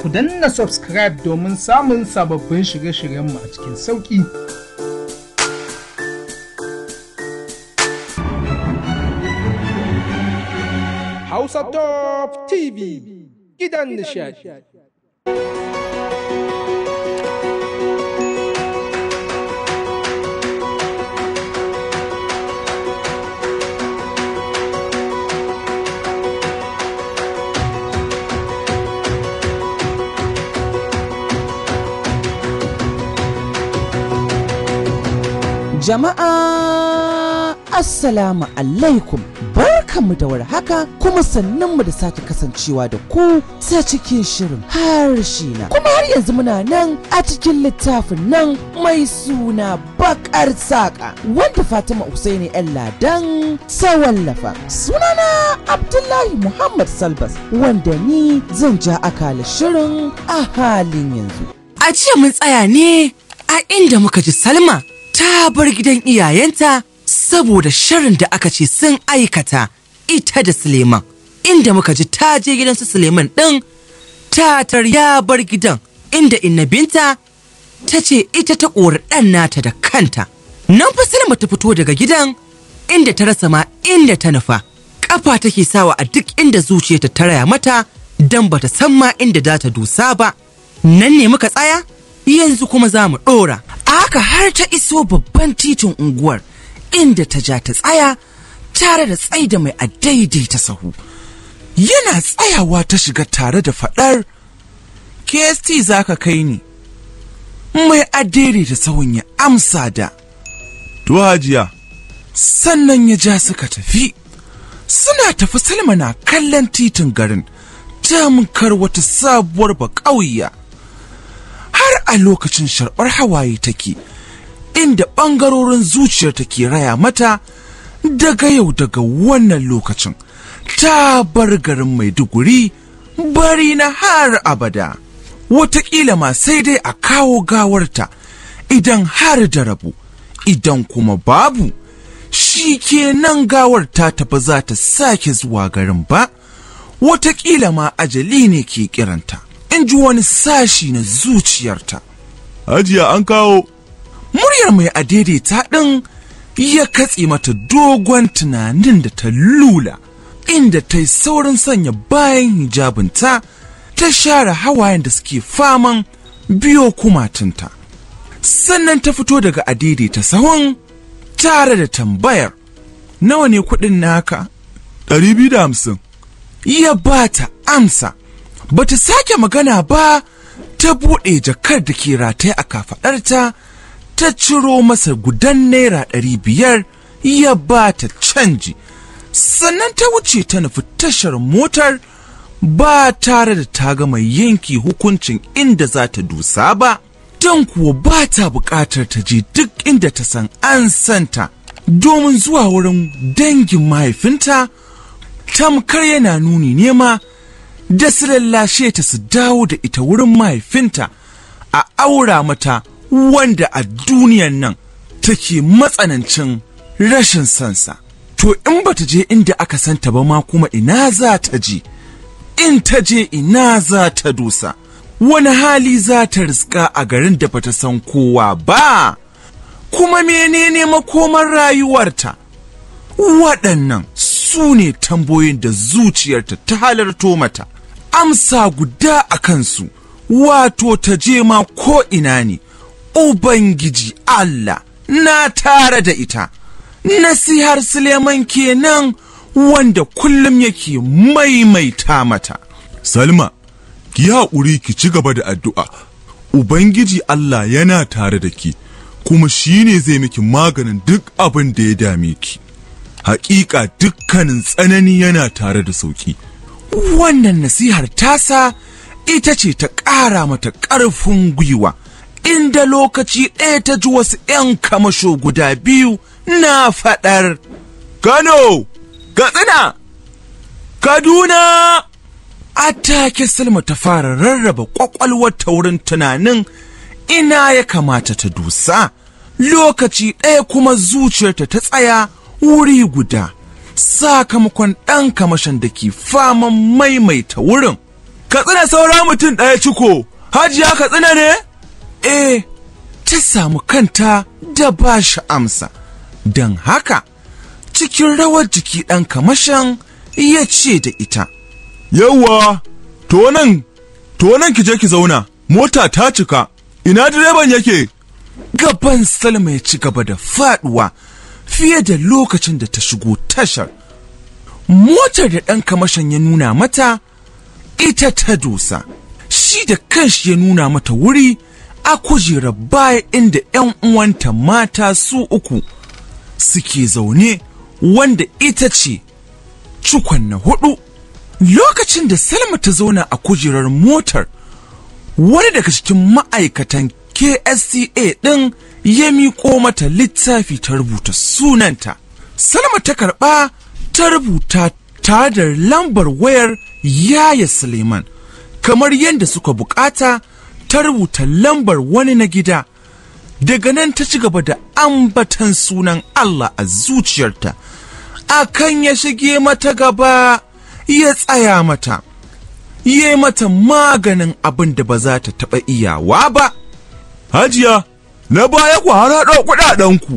ku danna subscribe domin samun sababbin shirye-shiryenmu a cikin sauƙi. Hausa Top TV gidan nishadi. Jama'a Assalamu alaikum barkanmu da haka kuma mu da sake kasancewa da ku ta cikin shirin harshe na kuma har yanzu muna nan a cikin littafin nan mai suna bakar saƙa wanda Fatima Usaini yan ladan ta wallafa sunana Abdullahi Muhammad Salbas wanda ni zan ja akala shirin a halin yanzu. A jiya mun tsaya ne a inda muka ji Salma ta bar gidan iyayenta saboda sharin da aka ce sun aikata ita da Suleiman. Inda muka ji ta je gidan su Suleiman ɗin tatar ya bar gidan inda innabinta ta ce ita ta ƙori ɗan nata da kanta. Nan fa Salma ta fito daga gidan inda ta rasa ma inda ta nufa. Ƙafa take sawa a duk inda zuciyarta ta raya mata don bata san ma inda za ta dusa ba. Nan ne muka tsaya? yanzu kuma za mu ɗora aka har ta iso babban titin unguwar inda ta ja ta tsaya tare da tsaida mai a ta sahu yana tsayawa ta shiga tare da faɗar kst za ka kai ni mai a ta sahun ya amsa da to sannan ya ja suka tafi suna tafi salma na kallon titin garin tamkar wata sabuwar ba ƙauya a lokacin sharɓar hawaye take inda ɓangarorin zuciyar ke raya mata daga yau daga wannan lokacin ta bar garin maiduguri bari na har abada wataƙila ma sai dai a kawo gawarta idan har da rabu idan kuma babu shi kenan gawar ta tafi za ta sake zuwa garin ba wataƙila ma ajali ne ke kiranta in ji wani sashi na zuciyarta hajiya an kawo muryar mai adaidaita ɗin ya katse mata dogon tunanin da ta lula inda ta yi saurin sanya bayan hijabinta ta share hawayen da suke faman biyo kumatinta sannan ta fito daga adaidaita sahun tare da tambayar nawa ne kuɗin naka? ɗari biyu da hamsin ya ba ta amsa ba ta sake magana ba ta buɗe jakar da ke rataye a kafaɗarta ta ciro masa gudan naira ɗari biyar ya ba ta canji sannan ta wuce ta nufi tashar motar ba tare da ta gama yanki hukuncin inda za ta dusa ba don kuwa ba ta bukatar ta je duk inda ta san an santa domin zuwa wurin dangin mahaifinta tamkar yana nuni nema da su lallashe ta su dawo da ita wurin mahaifinta a aura mata wanda a duniyan nan take matsanancin rashin sansa to in ba ta je inda aka santa ba ma kuma ina za ta je in ta je ina za ta dosa wani hali za ta riska a garin da bata san kowa ba kuma menene makoman rayuwarta waɗannan su ne tambayoyin da zuciyarta ta halarto mata amsa guda a kansu wato ta je ma ko ina ne ubangiji Allah na tare da ita nasihar Suleiman kenan wanda kullum yake maimaita mata Salma ki haƙuri ki ci gaba da addu'a ubangiji Allah yana tare da ki kuma shi ne zai miki maganin duk abin da ya dame ki haƙiƙa dukkanin tsanani yana tare da sauƙi wannan nasihar tasa ita ce ta ƙara mata ƙarfin gwiwa inda lokaci ɗaya ta ji wasu 'yan kamasho guda biyu na faɗar kano katsina kaduna a take salma ta fara rarraba ƙwaƙwalwar ta wurin tunanin ina ya kamata ta dusa lokaci ɗaya kuma zuciyarta ta tsaya wuri guda sakamakon ɗan kamashin da ke faman maimaita wurin. Katsina saura mutum ɗaya ciko, hajiya katsina ne? Eh, ta samu kanta da ba shi amsa, don haka cikin rawar jiki ɗan kamashin ya ce da ita. Yawwa, to nan, to nan ki je ki zauna, mota ta cika, ina direban yake? Gaban Salma ya ci gaba da faɗuwa. fiye da lokacin da ta shigo tashar motar da ɗan kamashin ya nuna mata ita ta dosa shi da kanshi ya nuna mata wuri a kujerar baya inda 'yan uwanta mata su uku suke zaune wanda ita ce cikon na hudu lokacin da salma ta zauna a kujerar motar wani daga cikin ma'aikatan KSCA ɗin ya miƙo mata littafi ta rubuta sunanta. Salma ta karɓa ta rubuta tare lambar wayar Yaya Suleiman, kamar yadda suka bukata ta rubuta lambar wani na gida. Daga nan ta ci gaba da ambatan sunan Allah a zuciyarta, akan ya shige mata gaba ya tsaya mata, ya mata maganin abin da ba za ta taɓa iyawa ba. hajiya na baya ku haraɗo kuɗaɗenku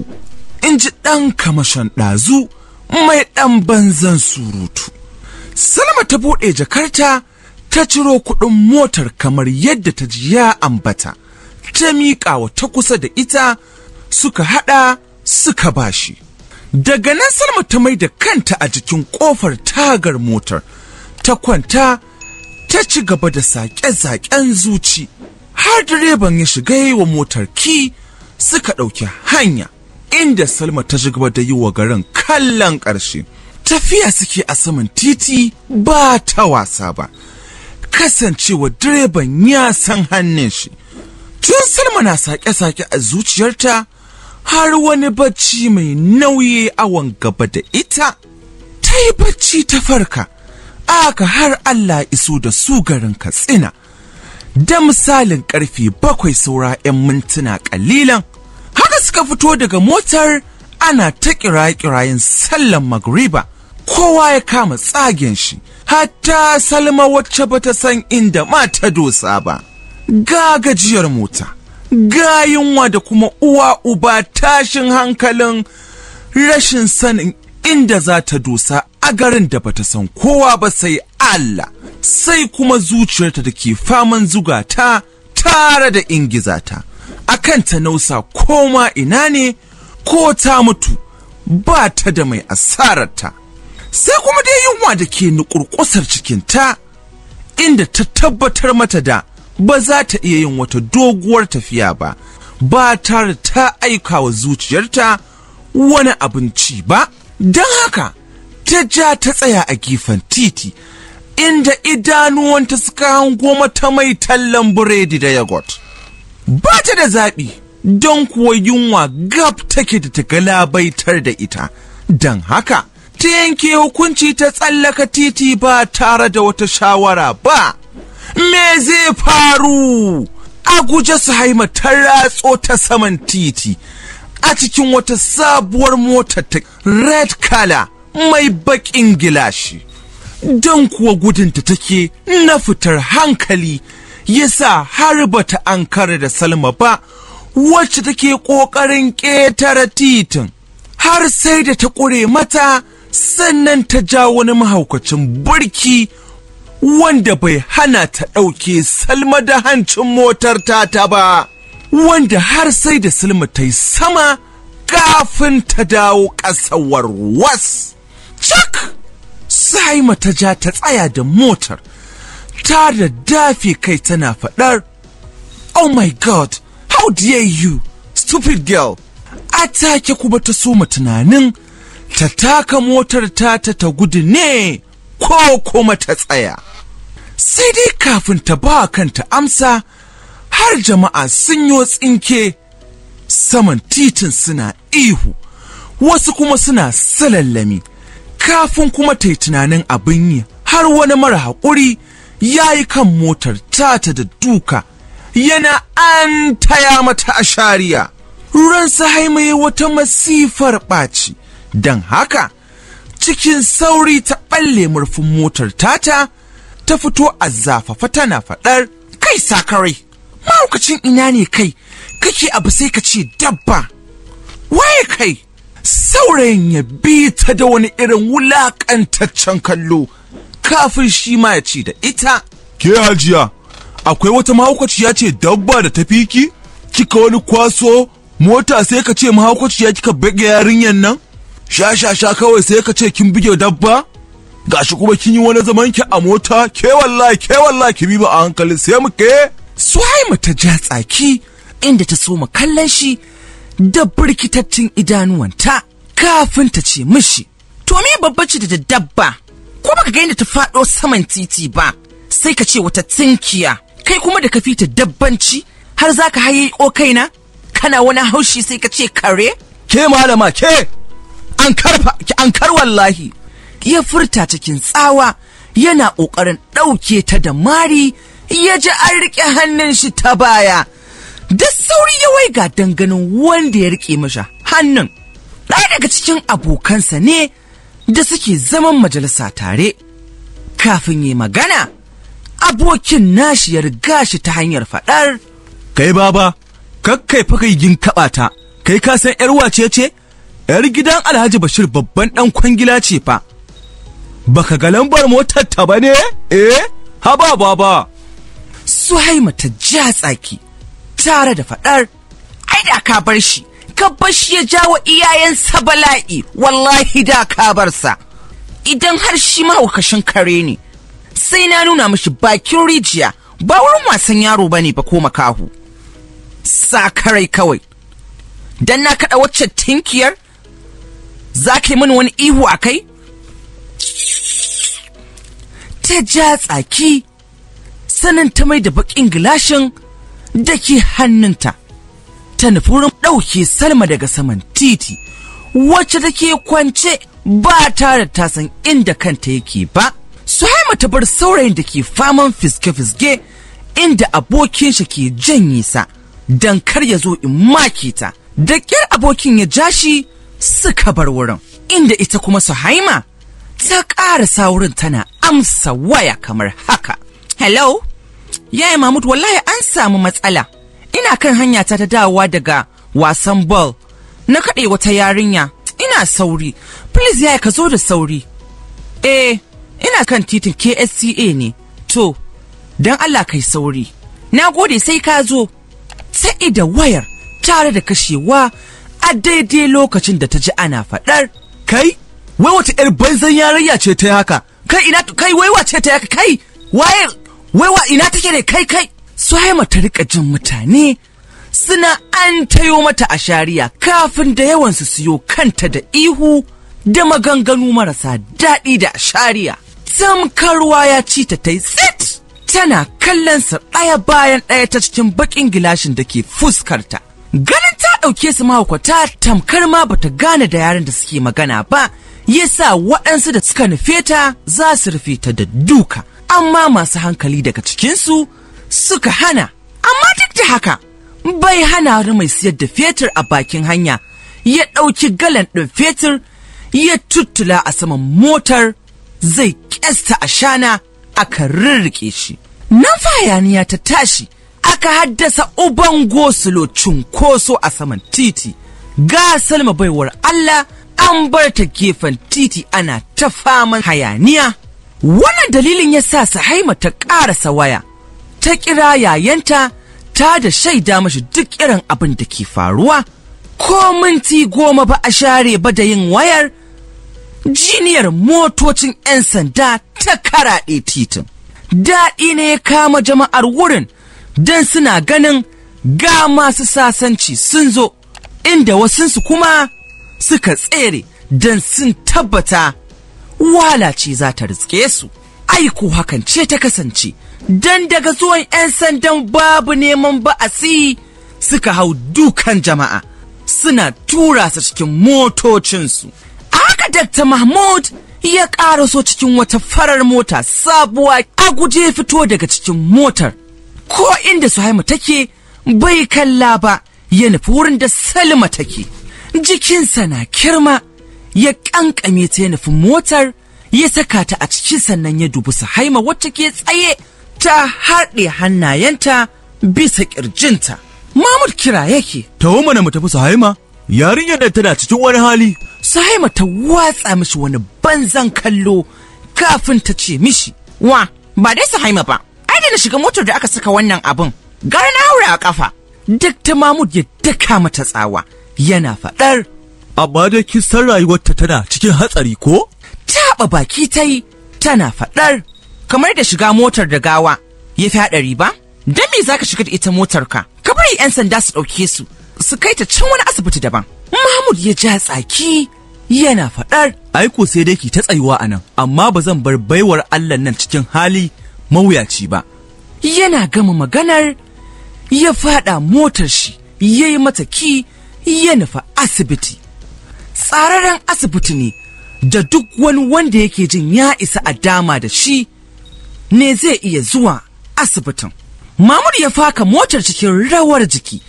in ji ɗan kamashan ɗazu mai ɗan banzan surutu salma ta buɗe jakarta ta ciro kuɗin motar kamar yadda ta ji ya ambata ta miƙa wa ta kusa da ita suka haɗa suka bashi daga nan salma ta mai da kanta a jikin ƙofar tagar motar ta kwanta ta ci gaba da saƙe-saƙen zuci har direban ya shiga yi wa motar ki suka ɗauki hanya inda salma ta shiga da yi wa garin kallon ƙarshe tafiya suke a saman titi ba ta wasa ba kasancewa direban ya san hannun shi tun salma na sake-sake a zuciyarta har wani bacci mai nauyi awon gaba da ita ta yi bacci ta farka aka har allah iso da su garin katsina da misalin karfe bakwai saura 'yan mintuna kalilan haka suka fito daga motar ana ta kiraye-kirayen sallan magriba kowa ya kama tsagen shi hatta salma wacce ba ta san inda ma ta dosa ba ga gajiyar mota ga yunwa da kuma uwa uba tashin hankalin rashin sanin inda za ta dosa a garin da bata san kowa ba sai Allah sai kuma zuciyarta da ke faman zuga ta tare da ingiza ta kan ta nausa koma ina ne ko ta mutu ba ta da mai asararta sai kuma dai yunwa da ke nukurkusar cikinta inda ta tabbatar mata da ba za ta iya yin wata doguwar tafiya ba ba tare ta aika wa zuciyarta wani abinci ba don haka ta ja ta tsaya a gefen titi inda idanuwanta suka hango mata mai tallan buredi da yagot. Ba ta da zaɓi, don kuwa yunwa gab take da ta galabaitar da ita, don haka ta yanke hukunci ta tsallaka titi ba tare da wata shawara ba. Me zai faru? A guje su haima ta ratso ta saman titi, a cikin wata sabuwar motar ta red color mai baƙin gilashi. don kuwa gudunta take na fitar hankali yasa har bata ankara da salma ba wacce take ƙoƙarin ƙetare titin har sai da ta ƙure mata sannan ta ja wani mahaukacin burki wanda bai hana ta ɗauke salma da hancin motar tata ba wanda har sai da salma ta yi sama kafin ta dawo ƙasawar was cak Saima ta ja ta tsaya da motar, ta da dafe kai tana faɗar, Oh my God, how dare you, stupid girl! A take kuma ta soma tunanin ta taka motar ta ta ta gudu ne ko kuma ta tsaya. Sai dai kafin ta ba kanta amsa har jama'a sun yi tsinke saman titin suna ihu, wasu kuma suna salallami. kafin kuma ta yi tunanin abin yi har wani mara haƙuri ya yi kan motar tata da duka yana an taya mata a shariya sa haimaye wata masifar ɓaci don haka cikin sauri ta ɓalle murfin motar tata ta fito a zafafa tana faɗar kai sakarai mahaukacin ina ne kai kake abu sai ka ce dabba waye kai saurayin ya bi ta da wani irin wulaƙantaccen kallo kafin shi ma ya ci da ita. Ke hajiya, akwai wata mahaukaciya ce dabba da ta fiki? Kika wani kwaso mota sai ka ce mahaukaciya kika bige yarinyar nan? Sha sha sha kawai sai ka ce kin bige dabba? Gashi kuma kin yi wani zaman ki a mota ke wallahi ke wallahi ki bi ba a hankali sai mu ke. Suhaima ta ja tsaki inda ta so mu kallon shi da birkitattun idanuwanta kafin ta ce mishi to me babba ce da dabba ko baka ga inda ta faɗo saman titi ba sai ka ce wata tinkiya kai kuma da ka fita dabbanci har za ka haye o kaina kana wani haushi sai ka ce kare ke malama ke an karfa ki an kar wallahi ya furta cikin tsawa yana ƙoƙarin ɗauke ta da mari ya ji an riƙe hannun shi ta baya da sauri ya wai ga ganin wanda ya rike masa hannun ɗaya daga cikin abokansa ne da suke zaman majalisa tare kafin yi magana abokin nashi ya riga shi ta hanyar faɗar kai baba kakkai fa kai gin ta kai ka san yar wace ce yar gidan alhaji bashir babban ɗan kwangila ce fa baka ga lambar motar ta ba ne eh haba baba suhaima ta ja tsaki tare da faɗar ai da ka bar shi ka bar shi ya jawo iyayensa bala'i wallahi da ka bar sa idan har shi mahaukashin kare ne sai na nuna mishi bakin rijiya ba wurin wasan yaro ba ne ba ko makahu sakarai kawai dan na kaɗa wacce tinkiyar za ka mini wani ihu a kai ta ja tsaki sanin ta mai da bakin gilashin Dake hannunta ta nufi wurin ɗauke salma daga saman titi wacce take kwance ba tare ta san inda kanta yake ba suhaima ta bar saurayin da ke faman fiske-fiske inda abokin shi ke janye sa don kar ya zo in make ta da ƙyar abokin ya ja shi suka bar wurin inda ita kuma suhaima ta ƙara sa wurin tana amsa waya kamar haka hello yaya Mahmud wallahi an samu matsala ina kan hanya ta ta dawowa daga wasan ball na kaɗe wata yarinya ina sauri please yaya ka zo da sauri eh ina kan titin KSCA ne to don Allah kai sauri na gode sai ka zo sai da wayar tare da kashewa a daidai lokacin da ta ji ana faɗar kai wai wata 'yar banzan yarinya ce ta haka kai ina kai wai wace ta haka kai Wayar! wai wa ina take ne kai kai suhaima ta rika jin mutane suna an tayo mata a shari'a kafin da yawan su siyo kanta da ihu da maganganu marasa daɗi da shari'a zamkarwa ya ci ta ta yi tana kallon sa ɗaya bayan ɗaya ta cikin baƙin gilashin da ke fuskarta ganin ta ɗauke su mahaukata tamkar ma bata gane da yaren da suke magana ba yasa waɗansu da suka nufe ta za su rufe ta da duka amma masu hankali daga cikinsu suka hana amma duk da haka bai hana mai siyar da fetur a bakin hanya ya ɗauki galan ɗin fetur ya tuttula a saman motar zai ƙyasta a shana aka rirriƙe shi nan hayaniya ta tashi aka haddasa uban gosulo cunkoso a saman titi ga salma baiwar allah an bar ta gefen titi ana ta faman hayaniya wannan dalilin ya sa sahaima ta ƙarasa waya ta kira yayanta ta da shaida mashi duk irin abin da ke faruwa ko minti goma ba a share ba da yin wayar jiniyar motocin 'yan sanda ta karaɗe titin daɗi ne ya kama jama'ar wurin don suna ganin ga masu sasanci sun zo inda wasunsu kuma suka tsere don sun tabbata walaci za ta riske su aiko hakan ce ta kasance don daga zuwan 'yan sandan babu neman ba'asi suka hau dukan jama'a suna tura su cikin motocinsu aka Dr. mahmud ya ƙara so cikin wata farar mota sabuwa a guje fito daga cikin motar ko inda suhaima take bai kalla ba ya nufi wurin da salma take jikinsa na kirma ya ƙanƙame ta ya nufi motar ya saka ta a cikin sannan ya dubi Haima wacce ke tsaye ta haɗe hannayenta bisa ƙirjinta. mamud kira yake. Ta mana mu tafi Sahaima, yarinyar da tana cikin wani hali. Sahaima ta watsa mishi wani banzan kallo kafin ta ce mishi. Wa, ba dai Sahaima ba, ai da na shiga motar da aka saka wannan abin. Gara na haura a ƙafa. Duk ta ya daka mata tsawa yana faɗar amma dai kin san rayuwarta tana cikin hatsari ko? Taɓa baki ta yi tana faɗar kamar da shiga motar da gawa ya fi haɗari ba? Don me za ka shiga da ita motar ka? Ka bari 'yan sanda su ɗauke su su kai ta can wani asibiti daban. Mahmud ya ja tsaki yana faɗar. Aiko sai dai ki ta tsayuwa a nan, amma ba zan bar baiwar Allah nan cikin hali mawuyaci ba. Yana gama maganar ya faɗa motar shi ya yi mata ki ya nufa asibiti. tsararren asibiti ne da duk wani wanda yake jin ya isa a dama da shi ne zai iya zuwa asibitin. Mamur ya faka motar cikin rawar jiki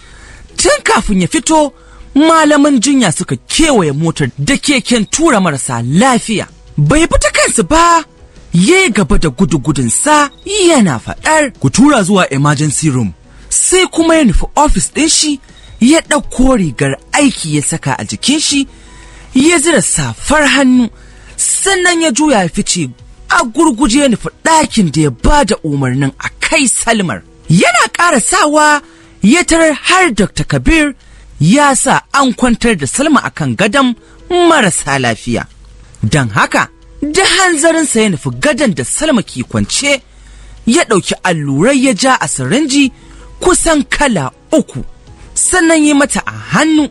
tun kafin ya fito malaman jinya suka kewaye motar da keken tura marasa lafiya. Bai fita kansu ba ya gaba da gudu sa yana faɗar ku tura zuwa emergency room sai kuma ya nufi ofis ɗin shi ya ɗauko rigar aiki ya saka a jikin shi ya zira safar hannu sannan ya juya ya fice a gurguje nufi ɗakin da ya ba da umarnin a kai salmar yana ƙara sawa ya tarar har dr kabir ya sa an kwantar da salma a kan gadon marasa lafiya don haka da hanzarinsa ya nufi gadon da salma ke kwance ya ɗauki allurai ya ja a sirinji kusan kala uku sannan yi mata a hannu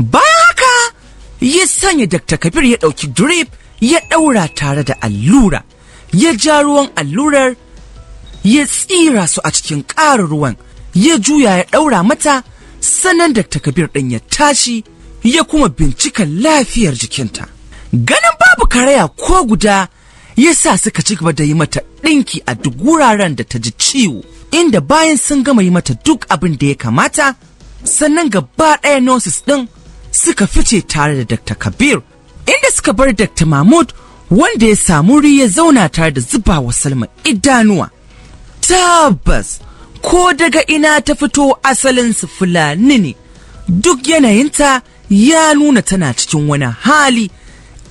bayan haka ya sanya Dr. Kabir ya ɗauki drip ya ɗaura tare da allura, ya ja ruwan allurar ya tsira su a cikin ƙarin ruwan, ya juya ya ɗaura mata, sanan Dr. Kabir ɗin ya tashi ya kuma bincika lafiyar jikinta. Ganin babu karaya ko guda ya sa suka ci gaba da yi mata ɗinki a duk wuraren da ta ji ciwo, inda bayan sun gama yi mata duk abin da ya kamata, sannan gaba ɗaya nurses ɗin suka fice tare da Dr. Kabir inda suka bar Dr. Mahmud wanda ya samu ri ya zauna tare da zuba wa Salma idanuwa. Tabbas ko daga ina ta fito asalinsu Fulani ne duk yanayinta ya nuna tana cikin wani hali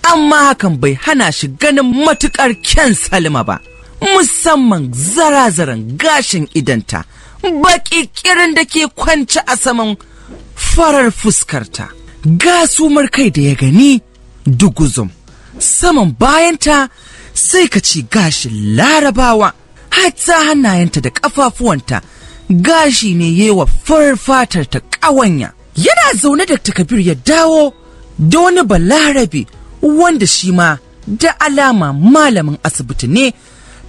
amma hakan bai hana shi ganin matukar kyan Salma ba. musamman zara zarazaran gashin idanta baƙi ƙirin da ke kwance a saman farar fuskarta. gasumar kai da ya gani duguzum saman bayanta sai ka ci gashin larabawa hatta hannayenta da ƙafafuwanta gashi ne yewa farfatar ta ƙawanya yana zaune da Takabir ya dawo da wani balarabe wanda shi ma da alama malamin asibiti ne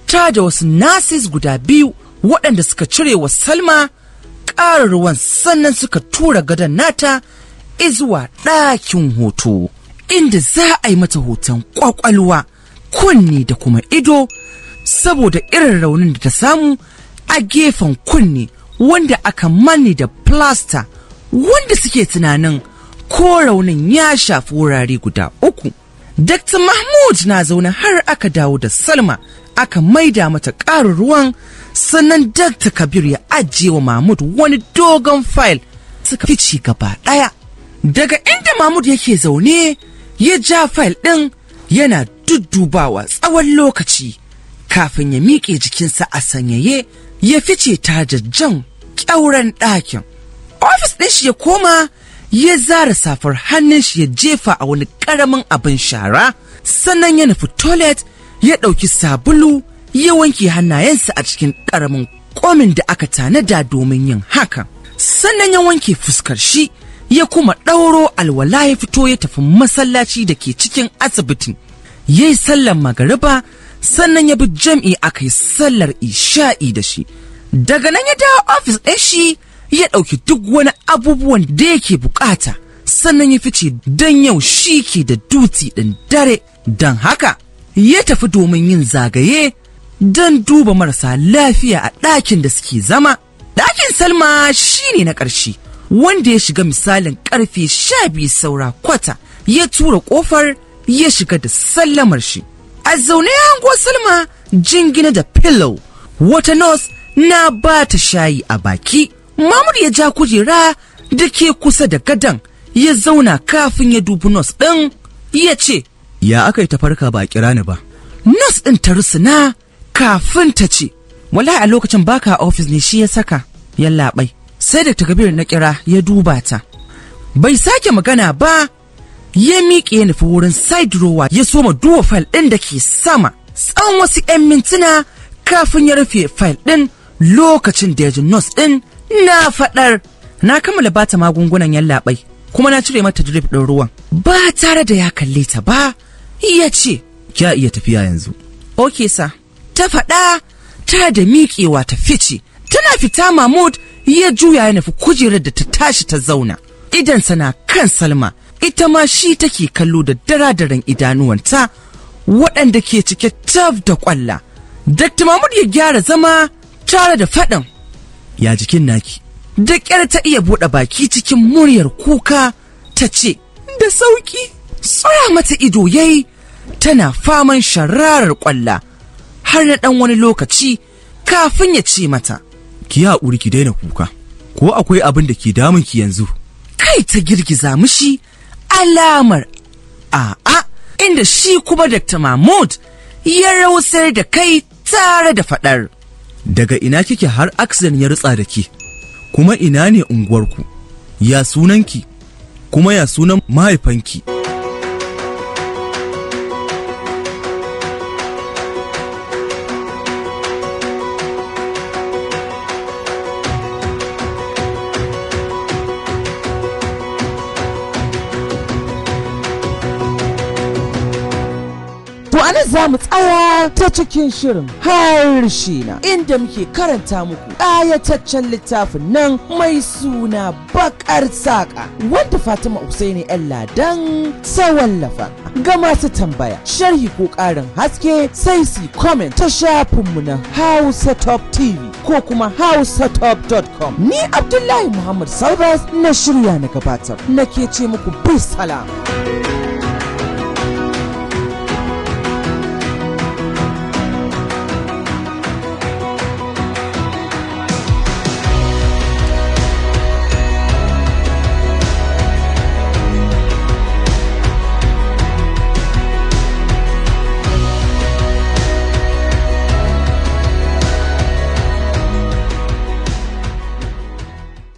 ta da wasu nasis guda biyu waɗanda suka cire wa salma ƙara ruwan sannan suka tura gadon nata izuwa ɗakin hoto inda za a yi mata hoton kwakwalwa kunni da kuma ido saboda irin raunin da ta samu a gefen kunni wanda aka manne da plaster wanda suke tunanin ko raunin ya shafi wurare guda uku. Dr. Mahmud na zaune har aka dawo da Salma aka maida mata ƙarin ruwan sannan Dr. Kabir ya ajiye wa Mahmud wani dogon fayil suka fice gaba ɗaya. daga inda mahmud yake zaune ya ja fayil ɗin yana duddubawa tsawon lokaci kafin ya miƙe jikinsa a sanyaye ya fice ta tajajjan ƙyauren ɗakin ofis ɗin shi ya koma ya zara safar hannun shi ya jefa a wani ƙaramin abin shara sannan ya nufi toilet ya ɗauki sabulu ya wanke hannayensa a cikin ƙaramin komin da aka tanada domin yin hakan sannan ya wanke fuskar shi ya kuma ɗauro alwala ya fito ya tafi masallaci da ke cikin asibitin ya yi sallar magariba sannan ya bi jam'i aka yi sallar isha'i da shi daga nan ya dawo ofis ɗin shi ya ɗauki duk wani abubuwan da yake bukata sannan ya fice don yau shi ke da duti ɗin dare don haka ya tafi domin yin zagaye don duba marasa lafiya a ɗakin da suke zama ɗakin salma shi ne na ƙarshe wanda ya shiga misalin karfe sha biyu saura kwata ya tura kofar ya shiga da sallamar shi a zaune ya hango salma jingina da pillow wata nurse na ba ta shayi a baki mamur ya ja kujera da ke kusa da gadan ya zauna kafin ya dubi nurse ɗin ya ce ya aka yi ta farka ba a kira ni ba nurse ɗin ta rusuna kafin ta ce wallahi a lokacin baka a ofis ne shi ya saka yallaɓai sai da ta kabir na kira ya duba ta bai sake magana ba ya miƙe ya nufi wurin side drawer ya soma duwa fayil ɗin da ke sama tsawon wasu 'yan mintuna kafin ya rufe fayil ɗin lokacin da ya ji nurse ɗin na faɗar na kammala bata magungunan yallaɓai kuma na cire mata drip ɗin ruwan ba tare da ya kalle ta ba ya ce kya iya tafiya yanzu ok sa ta faɗa tare da miƙewa ta fice tana fita mahmud ya juya ya nufi kujerar da ta tashi ta zauna idansa na kan salma ita ma shi take kallo da daradaren idanuwanta waɗanda ke cike taf da ƙwalla Dr. Mahmud ya gyara zama tare da faɗin ya jikin naki da ƙyar ta iya buɗe baki cikin muryar kuka ta ce da sauƙi tsaya mata ido yayi tana faman shararar ƙwalla har na ɗan wani lokaci kafin ya ce mata ki haƙuri ki daina kuka ko akwai abin da ke damun ki yanzu kai ta girgiza mishi alamar a'a inda shi kuma Dr. Mahmud ya rausar da kai tare da faɗar. Daga ina kike har accident ya rutsa da ke, kuma ina ne unguwarku, ya sunanki, kuma ya sunan mahaifanki. ta cikin shirin harshe na inda muke karanta muku ƙayataccen littafin nan mai suna bakar saƙa wanda Fatima Usaini ‘yan ladan wallafa ga masu tambaya sharhi ko ƙarin haske sai su comment ta shafinmu na Hausa Top TV ko kuma dot com. ni Abdullahi Muhammad Salvas na shirya na gabatar nake ce muku bisalam. salam